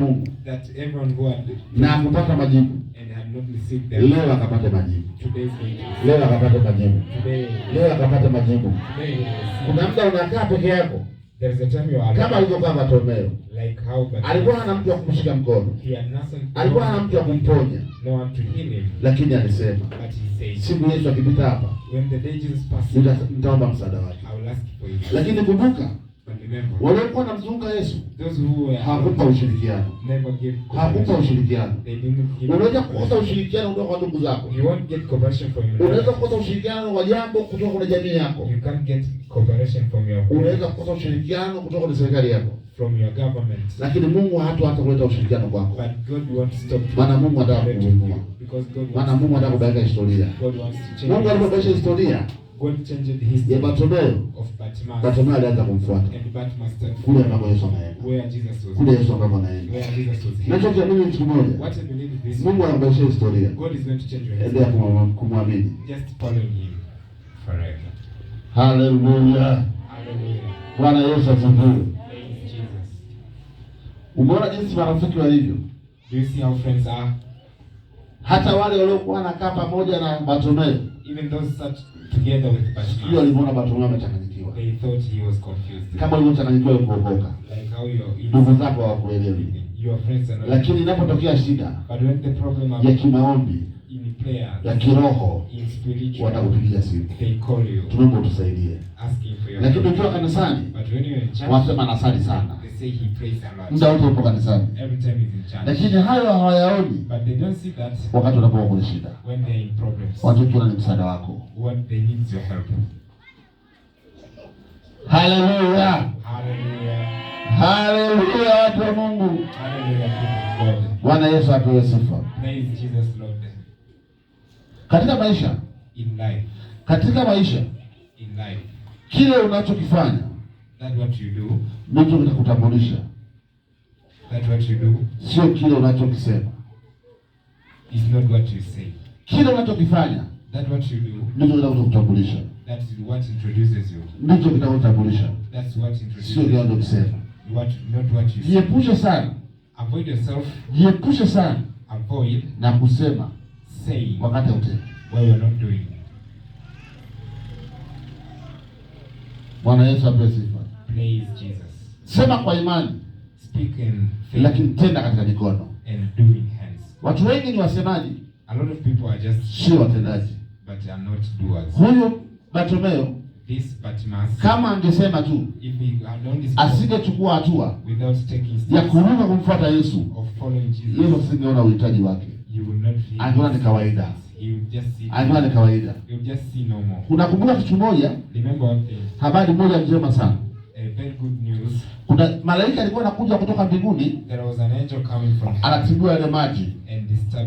Mungu na kupata majibu leo, akapata majibu leo, akapata majibu leo, akapata majibu. Kuna muda unakaa peke yako kama alivyokaa Bartimayo, alikuwa hana mtu wa kumshika mkono, alikuwa hana mtu wa kumponya, lakini alisema siku Yesu akipita hapa nitaomba msaada wake, lakini kumbuka waliokuwa namzunga Yesu hakupa ushirikiano, hakupa ushirikiano. Unaweza kukosa ushirikiano kutoka kwa ndugu zako, unaweza kukosa ushirikiano kwa jambo kutoka kwa jamii yako, unaweza kukosa ushirikiano kutoka kwa serikali yako from your government, lakini Mungu hata hata kuleta ushirikiano kwako, maana Mungu anataka kukuinua, maana Mungu anataka kubadilisha historia. Mungu anataka kubadilisha historia ya Bartimayo. Bartimayo alianza kumfuata kule ambako Yesu anaenda, kule Yesu ambako anaenda. Nachokiamini kitu kimoja, Mungu anabadilisha historia. Endelea kumwamini. Haleluya, Bwana Yesu asifiwe. Umeona jinsi marafiki walivyo, hata wale waliokuwa wanakaa pamoja na Bartimayo even those sat together with Bartimaeus. Sio amechanganyikiwa. They thought he was confused. Kama ulivyochanganyikiwa ukohoka. Like how you ndugu zako hawakuelewi. Your friends are not. Lakini inapotokea shida ya kimaombi ya kiroho watakupigia simu, tunaomba utusaidie. Lakini ukiwa kanisani wasema nasali sana muda wote upo kanisani, lakini hayo hawayaoni wakati wanapokuwa kwenye shida. Watoto wana msaada wako. Haleluya, haleluya, watu wa Mungu. Bwana Yesu apewe sifa katika maisha, katika maisha, kile unachokifanya That what you do. Ndicho kitakutambulisha. That what you do. Sio kile unachokisema. Is not what you say. Kile unachokifanya. That what you do. Ndicho kitakutambulisha. That is what introduces you. Ndicho kitakutambulisha. That's what introduces. Sio kile unachokisema. What not what you. Jiepushe sana. Avoid yourself. Jiepushe sana. Avoid na kusema say wakati utendi. Well, you're not doing. Bwana Yesu apewe sifa. Praise Jesus. Sema kwa imani, speak in faith, lakini tenda katika mikono and do in hands. Watu wengi ni wasemaji, a lot of people are just sio watendaji, but are not doers. Huyu Bartimayo This Bartimaeus, kama angesema tu uh, asingechukua hatua ya kuruka kumfuata Yesu, Yesu asingeona uhitaji wake, angeona ni kawaida, angeona ni kawaida. Unakumbuka kitu moja, habari moja njema sana kuna malaika alikuwa anakuja kutoka mbinguni, anatibua yale maji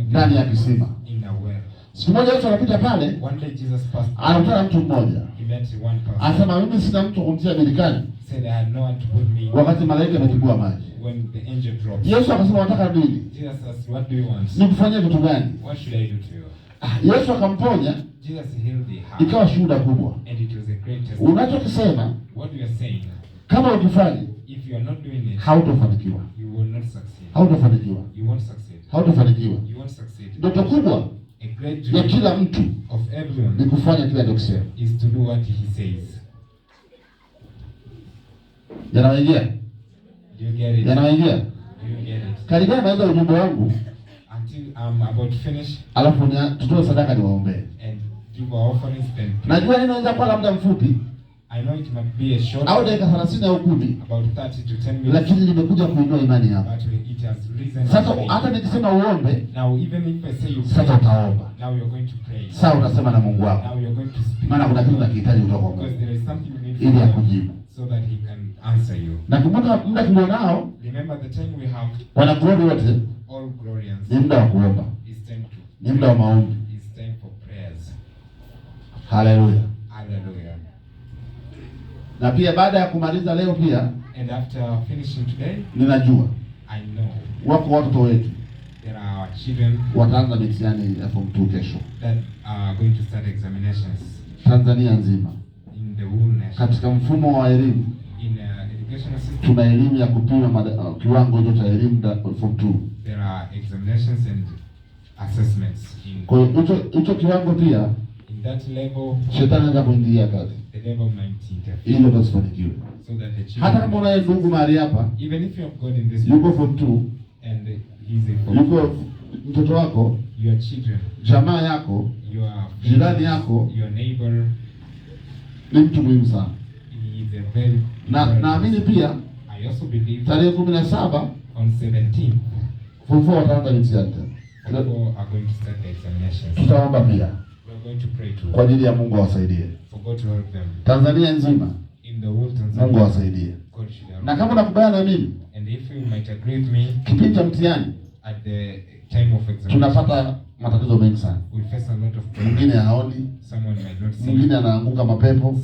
ndani ya kisima. Siku moja Yesu anapita pale, anakutana mtu mmoja, anasema mimi sina mtu kumtia birikani wakati malaika ametibua maji. Yesu akasema unataka nini? Nikufanyie vitu gani? Ah, Yesu akamponya, ikawa shuhuda kubwa. Unachokisema kama ukifanya if you are not doing it, hautofanikiwa. You will not succeed. Hautofanikiwa. You won't succeed. Hautofanikiwa. You won't succeed. Ndoto kubwa ya kila mtu of everyone ni kufanya kile anachosema. Is to do what he says. Yanaingia. You get it. Yanaingia. You get it. Karibia ujumbe wangu. Until I'm about to finish. Alafu tutoe sadaka niwaombee. And give our offerings then. Najua ninaweza kwa muda mfupi au dakika 30 au 10 lakini limekuja kuinua imani yako. Sasa hata nikisema uombe, sasa utaomba, sasa utasema na Mungu wako, maana kuna kitu unakihitaji kutoka kwa ili akujibu, so Na kumbuka muda tunao, remember wana wote, ni muda wa kuomba, ni muda wa maombi, haleluya, haleluya na pia baada ya kumaliza leo pia and after finishing today, ninajua I know wako watoto wetu there are children wataanza mitihani ya form 2 kesho that are going to start examinations Tanzania nzima in the whole nation. Katika mfumo wa elimu in uh, educational system tuna elimu ya kupima uh, kiwango hicho cha elimu uh, form 2 there are examinations and assessments in kwa hiyo hicho kiwango pia shetani atakuingilia kazi ili utasifanikiwe. Hata kama unaye ndugu mahali hapa, yuko form two, yuko mtoto wako, jamaa yako, jirani yako, ni mtu muhimu sana na naamini pia tarehe kumi na saba wataanza mtihani, tutaomba pia kwa ajili ya Mungu awasaidie Tanzania nzima, Mungu awasaidie. Na kama unakubaliana na mimi, kipindi cha mtihani tunapata matatizo mengi sana. Mwingine haoni, mwingine anaanguka mapepo,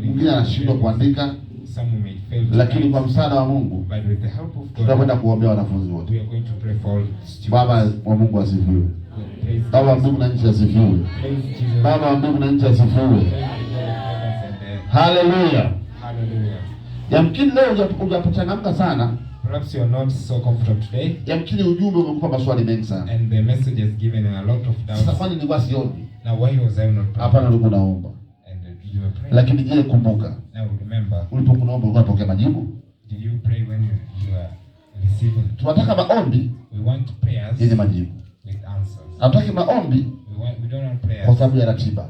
mwingine anashindwa kuandika, lakini kwa msaada wa Mungu tutakwenda kuombea wanafunzi wote. Baba wa Mungu asifiwe. Baba wa mbingu na nchi asifiwe. Baba wa mbingu na nchi asifiwe. Haleluya. Yamkini leo hujachangamka sana. Perhaps you are not so comfortable today. Yamkini ujumbe umekupa maswali mengi sana. And the message has given a lot of doubts. Sasa kwani nilikuwa sioni? Now why was I not praying? Hapana, nilikuwa naomba. And did you were praying. Lakini je, kumbuka. Now remember. Ulipokuwa naomba ukapokea majibu? Did you pray when you, you were receiving? Tunataka maombi. We want prayers. Yenye majibu. Hatutaki maombi kwa sababu ya ratiba.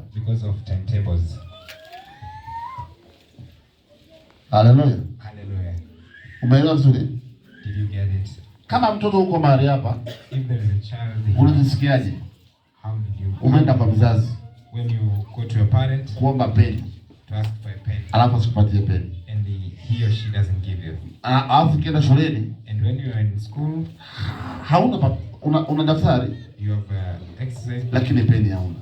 Haleluya, umeelewa vizuri? Kama mtoto uko mahali hapa, unajisikiaje? Umeenda kwa mzazi kuomba peni, alafu asikupatie peni, alafu ukienda shuleni hauna una, una daftari uh, lakini peni hauna.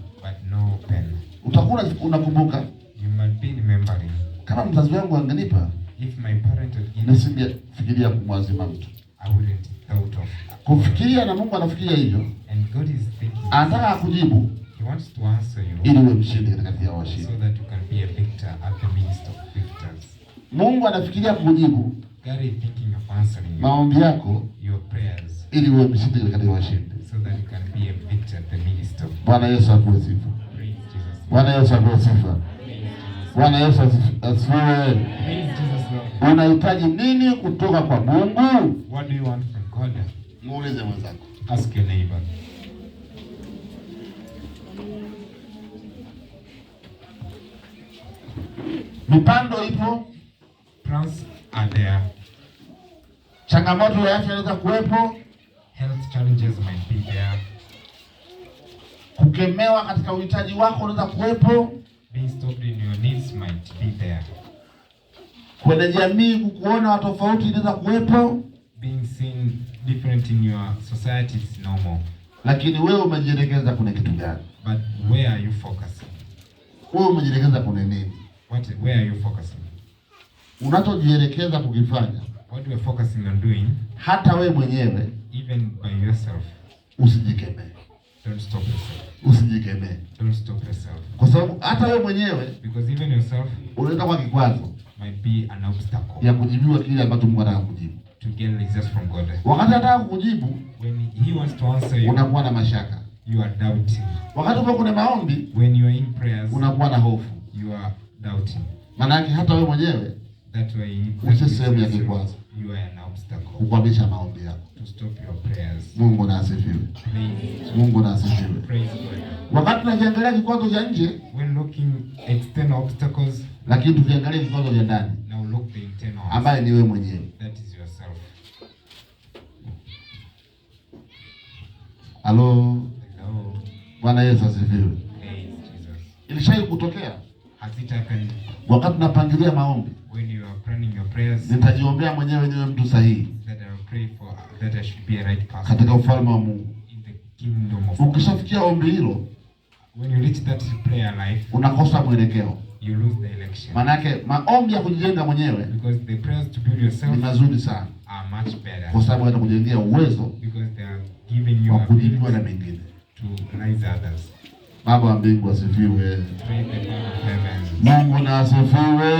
no pen. Utakuwa unakumbuka kama mzazi wangu angenipa, nasinge fikiria kumwazima mtu kufikiria, na Mungu anafikiria hivyo, anataka akujibu ili uwe mshindi katikati ya washindi. Mungu anafikiria kujibu maombi yako ili uwe mshindi katika ushindi. Bwana Yesu apewe sifa. Bwana Yesu apewe sifa. Bwana Yesu asifiwe. Unahitaji nini kutoka kwa Mungu? Muulize mwenzako. Ask your neighbor. Mipando ipo. Plans are there changamoto ya afya inaweza kuwepo, health challenges might be there. Kukemewa katika uhitaji wako unaweza kuwepo, being stopped in your needs might be there. Kwenye jamii kukuona watu tofauti inaweza kuwepo, being seen different in your society is normal. Lakini wewe umejielekeza kuna kitu gani? But where are you focusing? Wewe umejielekeza kuna nini? What, where are you focusing? Unachojielekeza kukifanya What we are focusing on doing, hata wewe mwenyewe even by yourself, usijikemee. Don't stop yourself. Usijikemee. Don't stop yourself. Kwa sababu hata wewe mwenyewe because even yourself unaweza kuwa kikwazo might be an obstacle ya kujibiwa kile ambacho Mungu anataka kujibu. To get answers from God. Wakati anataka kukujibu, when he wants to answer you, unakuwa na mashaka. You are doubting. Wakati uko kuna maombi, when you are in prayers, unakuwa na hofu. You are doubting. Maana hata wewe mwenyewe that way, usi sehemu ya kikwazo you are an obstacle. Kukwamisha maombi yako. To stop your prayers. Mungu na asifiwe. Mungu na asifiwe. Praise God. Wakati tunajiangalia vikwazo vya nje, looking external obstacles, lakini tukiangalia vikwazo vya ndani. look the internal. Ambaye ni wewe mwenyewe. That is yourself. Halo. Hello. Bwana Yesu asifiwe. Ilishai kutokea? Wakati napangilia maombi, nitajiombea mwenyewe niwe mtu sahihi katika ufalme wa Mungu. Ukishafikia ombi hilo, unakosa mwelekeo. Maana yake maombi ya kujijenga mwenyewe ni mazuri sana, kwa sababu yanakujengea uwezo wa kujibiwa na mengine. Baba wa mbingu asifiwe. Mungu na asifiwe.